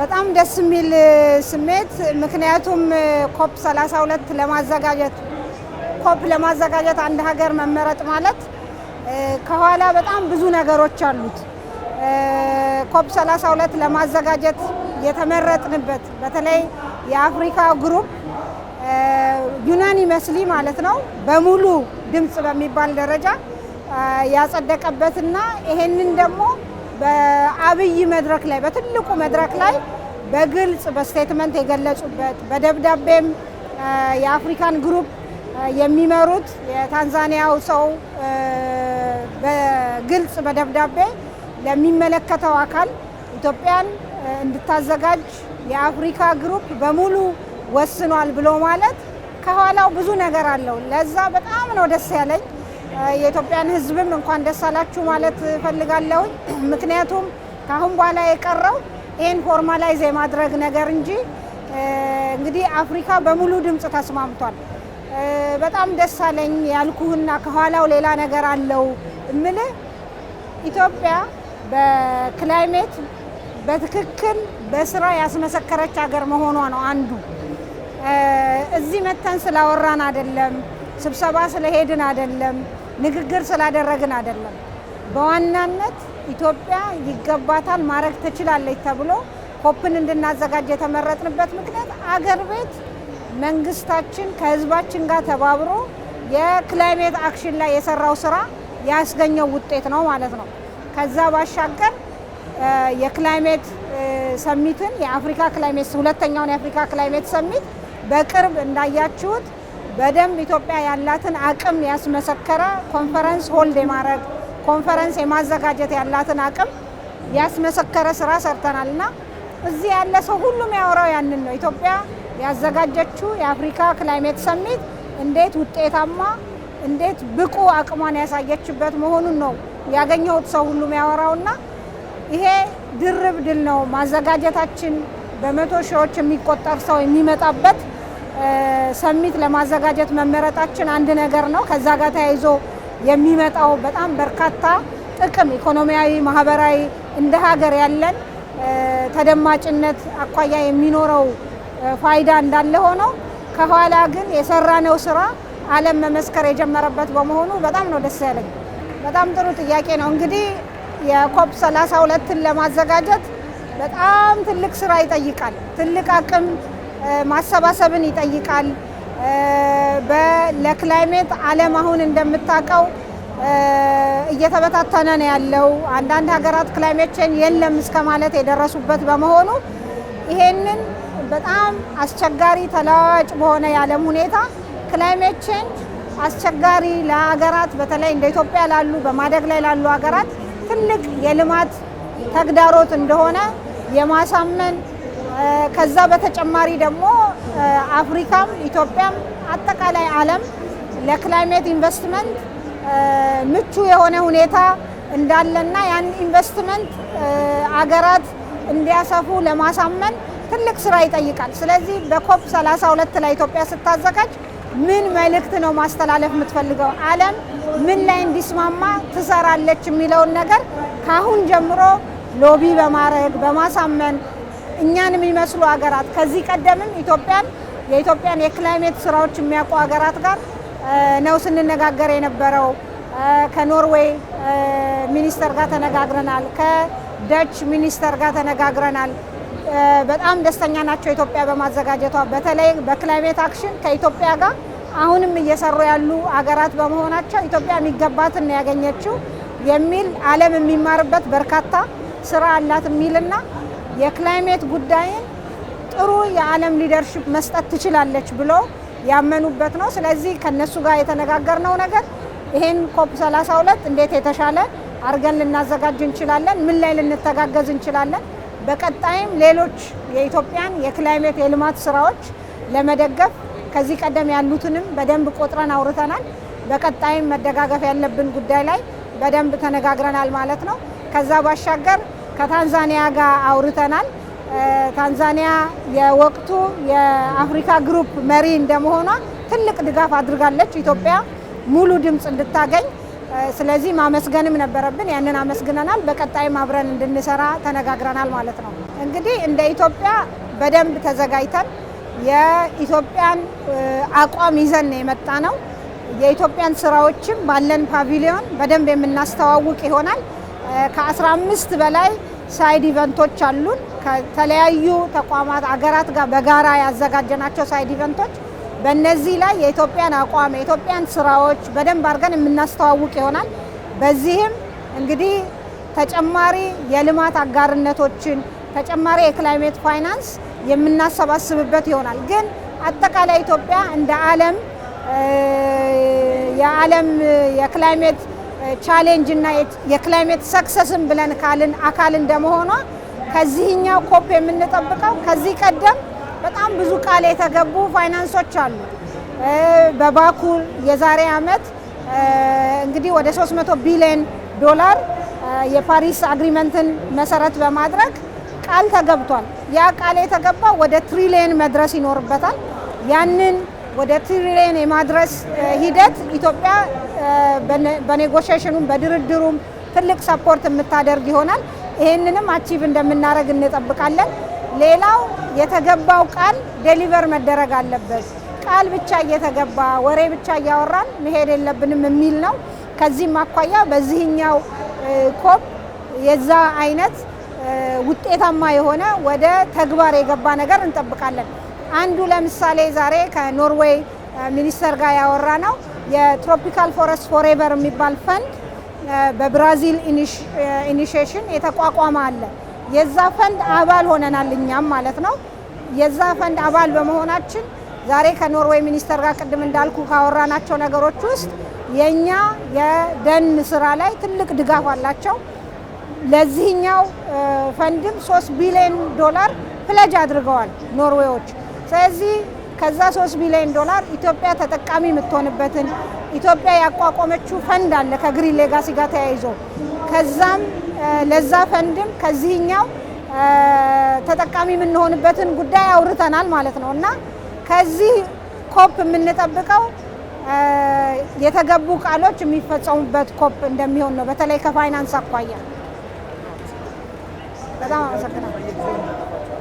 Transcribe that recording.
በጣም ደስ የሚል ስሜት ምክንያቱም ኮፕ 32 ለማዘጋጀት ኮፕ ለማዘጋጀት አንድ ሀገር መመረጥ ማለት ከኋላ በጣም ብዙ ነገሮች አሉት። ኮፕ 32 ለማዘጋጀት የተመረጥንበት በተለይ የአፍሪካ ግሩፕ ዩናን ይመስሊ ማለት ነው በሙሉ ድምፅ በሚባል ደረጃ ያጸደቀበትና ይሄንን ደግሞ በአብይ መድረክ ላይ በትልቁ መድረክ ላይ በግልጽ በስቴትመንት የገለጹበት በደብዳቤም የአፍሪካን ግሩፕ የሚመሩት የታንዛኒያው ሰው በግልጽ በደብዳቤ ለሚመለከተው አካል ኢትዮጵያን እንድታዘጋጅ የአፍሪካ ግሩፕ በሙሉ ወስኗል ብሎ ማለት ከኋላው ብዙ ነገር አለው። ለዛ በጣም ነው ደስ ያለኝ። የኢትዮጵያን ሕዝብም እንኳን ደስ አላችሁ ማለት እፈልጋለሁ ምክንያቱም ከአሁን በኋላ የቀረው ይህን ፎርማላይዝ የማድረግ ነገር እንጂ እንግዲህ አፍሪካ በሙሉ ድምፅ ተስማምቷል። በጣም ደስ አለኝ ያልኩህና ከኋላው ሌላ ነገር አለው እምልህ ኢትዮጵያ በክላይሜት በትክክል በስራ ያስመሰከረች ሀገር መሆኗ ነው አንዱ። እዚህ መተን ስላወራን አይደለም፣ ስብሰባ ስለሄድን አይደለም ንግግር ስላደረግን አይደለም። በዋናነት ኢትዮጵያ ይገባታል ማድረግ ትችላለች ተብሎ ኮፕን እንድናዘጋጅ የተመረጥንበት ምክንያት አገር ቤት መንግስታችን ከህዝባችን ጋር ተባብሮ የክላይሜት አክሽን ላይ የሰራው ስራ ያስገኘው ውጤት ነው ማለት ነው። ከዛ ባሻገር የክላይሜት ሰሚትን የአፍሪካ ክላይሜት ሁለተኛውን የአፍሪካ ክላይሜት ሰሚት በቅርብ እንዳያችሁት በደንብ ኢትዮጵያ ያላትን አቅም ያስመሰከረ ኮንፈረንስ ሆልድ የማድረግ ኮንፈረንስ የማዘጋጀት ያላትን አቅም ያስመሰከረ ስራ ሰርተናል እና እዚህ ያለ ሰው ሁሉም ያወራው ያንን ነው። ኢትዮጵያ ያዘጋጀችው የአፍሪካ ክላይሜት ሰሚት እንዴት ውጤታማ እንዴት ብቁ አቅሟን ያሳየችበት መሆኑን ነው ያገኘሁት ሰው ሁሉም ያወራውና ይሄ ድርብ ድል ነው ማዘጋጀታችን በመቶ ሺዎች የሚቆጠር ሰው የሚመጣበት ሰሚት ለማዘጋጀት መመረጣችን አንድ ነገር ነው። ከዛ ጋር ተያይዞ የሚመጣው በጣም በርካታ ጥቅም ኢኮኖሚያዊ፣ ማህበራዊ እንደ ሀገር ያለን ተደማጭነት አኳያ የሚኖረው ፋይዳ እንዳለ ሆኖ ከኋላ ግን የሰራነው ስራ ዓለም መመስከር የጀመረበት በመሆኑ በጣም ነው ደስ ያለኝ። በጣም ጥሩ ጥያቄ ነው። እንግዲህ የኮፕ 32ን ለማዘጋጀት በጣም ትልቅ ስራ ይጠይቃል። ትልቅ አቅም ማሰባሰብን ይጠይቃል። ለክላይሜት ዓለም አሁን እንደምታውቀው እየተበታተነ ነው ያለው። አንዳንድ ሀገራት ክላይሜት ቼንጅ የለም እስከ ማለት የደረሱበት በመሆኑ ይሄንን በጣም አስቸጋሪ ተለዋዋጭ በሆነ የዓለም ሁኔታ ክላይሜት ቼንጅ አስቸጋሪ ለሀገራት በተለይ እንደ ኢትዮጵያ ላሉ በማደግ ላይ ላሉ ሀገራት ትልቅ የልማት ተግዳሮት እንደሆነ የማሳመን ከዛ በተጨማሪ ደግሞ አፍሪካም ኢትዮጵያም አጠቃላይ ዓለም ለክላይሜት ኢንቨስትመንት ምቹ የሆነ ሁኔታ እንዳለና ያን ኢንቨስትመንት አገራት እንዲያሰፉ ለማሳመን ትልቅ ስራ ይጠይቃል። ስለዚህ በኮፕ 32 ላይ ኢትዮጵያ ስታዘጋጅ ምን መልእክት ነው ማስተላለፍ የምትፈልገው? ዓለም ምን ላይ እንዲስማማ ትሰራለች የሚለውን ነገር ከአሁን ጀምሮ ሎቢ በማድረግ በማሳመን እኛን የሚመስሉ ሀገራት ከዚህ ቀደምም ኢትዮጵያን የኢትዮጵያን የክላይሜት ስራዎች የሚያውቁ ሀገራት ጋር ነው ስንነጋገር የነበረው። ከኖርዌይ ሚኒስተር ጋር ተነጋግረናል። ከደች ሚኒስተር ጋር ተነጋግረናል። በጣም ደስተኛ ናቸው ኢትዮጵያ በማዘጋጀቷ። በተለይ በክላይሜት አክሽን ከኢትዮጵያ ጋር አሁንም እየሰሩ ያሉ ሀገራት በመሆናቸው ኢትዮጵያ የሚገባትን ያገኘችው የሚል ዓለም የሚማርበት በርካታ ስራ አላት የሚልና የክላይሜት ጉዳይን ጥሩ የዓለም ሊደርሽፕ መስጠት ትችላለች ብሎ ያመኑበት ነው። ስለዚህ ከነሱ ጋር የተነጋገርነው ነገር ይህን ኮፕ 32 እንዴት የተሻለ አድርገን ልናዘጋጅ እንችላለን፣ ምን ላይ ልንተጋገዝ እንችላለን፣ በቀጣይም ሌሎች የኢትዮጵያን የክላይሜት የልማት ስራዎች ለመደገፍ ከዚህ ቀደም ያሉትንም በደንብ ቆጥረን አውርተናል። በቀጣይም መደጋገፍ ያለብን ጉዳይ ላይ በደንብ ተነጋግረናል ማለት ነው። ከዛ ባሻገር ከታንዛኒያ ጋር አውርተናል። ታንዛኒያ የወቅቱ የአፍሪካ ግሩፕ መሪ እንደመሆኗ ትልቅ ድጋፍ አድርጋለች ኢትዮጵያ ሙሉ ድምፅ እንድታገኝ። ስለዚህ ማመስገንም ነበረብን፣ ያንን አመስግነናል። በቀጣይም አብረን እንድንሰራ ተነጋግረናል ማለት ነው። እንግዲህ እንደ ኢትዮጵያ በደንብ ተዘጋጅተን የኢትዮጵያን አቋም ይዘን ነው የመጣ ነው። የኢትዮጵያን ስራዎችም ባለን ፓቪሊዮን በደንብ የምናስተዋውቅ ይሆናል። ከ ከ15 በላይ ሳይድ ኢቨንቶች አሉን። ከተለያዩ ተቋማት አገራት ጋር በጋራ ያዘጋጀናቸው ሳይድ ኢቨንቶች በእነዚህ ላይ የኢትዮጵያን አቋም የኢትዮጵያን ስራዎች በደንብ አድርገን የምናስተዋውቅ ይሆናል። በዚህም እንግዲህ ተጨማሪ የልማት አጋርነቶችን ተጨማሪ የክላይሜት ፋይናንስ የምናሰባስብበት ይሆናል። ግን አጠቃላይ ኢትዮጵያ እንደ ዓለም የዓለም የክላይሜት ቻሌንጅ እና የክላይሜት ሰክሰስን ብለን ካልን አካል እንደመሆኗ ከዚህኛው ኮፕ የምንጠብቀው ከዚህ ቀደም በጣም ብዙ ቃል የተገቡ ፋይናንሶች አሉ። በባኩ የዛሬ ዓመት እንግዲህ ወደ 300 ቢሊዮን ዶላር የፓሪስ አግሪመንትን መሰረት በማድረግ ቃል ተገብቷል። ያ ቃል የተገባ ወደ ትሪሊየን መድረስ ይኖርበታል። ያንን ወደ ትሪሊየን የማድረስ ሂደት ኢትዮጵያ በኔጎሽሽኑም በድርድሩም ትልቅ ሰፖርት የምታደርግ ይሆናል። ይህንንም አቺቭ እንደምናደርግ እንጠብቃለን። ሌላው የተገባው ቃል ዴሊቨር መደረግ አለበት። ቃል ብቻ እየተገባ ወሬ ብቻ እያወራን መሄድ የለብንም የሚል ነው። ከዚህም አኳያ በዚህኛው ኮፕ የዛ አይነት ውጤታማ የሆነ ወደ ተግባር የገባ ነገር እንጠብቃለን። አንዱ ለምሳሌ ዛሬ ከኖርዌይ ሚኒስተር ጋር ያወራ ነው የትሮፒካል ፎረስት ፎሬቨር የሚባል ፈንድ በብራዚል ኢኒሽሽን የተቋቋመ አለ። የዛ ፈንድ አባል ሆነናል እኛም ማለት ነው። የዛ ፈንድ አባል በመሆናችን ዛሬ ከኖርዌይ ሚኒስተር ጋር ቅድም እንዳልኩ ካወራናቸው ነገሮች ውስጥ የእኛ የደን ስራ ላይ ትልቅ ድጋፍ አላቸው። ለዚህኛው ፈንድም ሶስት ቢሊዮን ዶላር ፕለጅ አድርገዋል ኖርዌዎች። ስለዚህ ከዛ 3 ቢሊዮን ዶላር ኢትዮጵያ ተጠቃሚ የምትሆንበትን ኢትዮጵያ ያቋቋመችው ፈንድ አለ ከግሪን ሌጋሲ ጋር ተያይዞ ከዛም ለዛ ፈንድም ከዚህኛው ተጠቃሚ የምንሆንበትን ጉዳይ አውርተናል ማለት ነው እና ከዚህ ኮፕ የምንጠብቀው የተገቡ ቃሎች የሚፈጸሙበት ኮፕ እንደሚሆን ነው። በተለይ ከፋይናንስ አኳያ በጣም አመሰግናለሁ።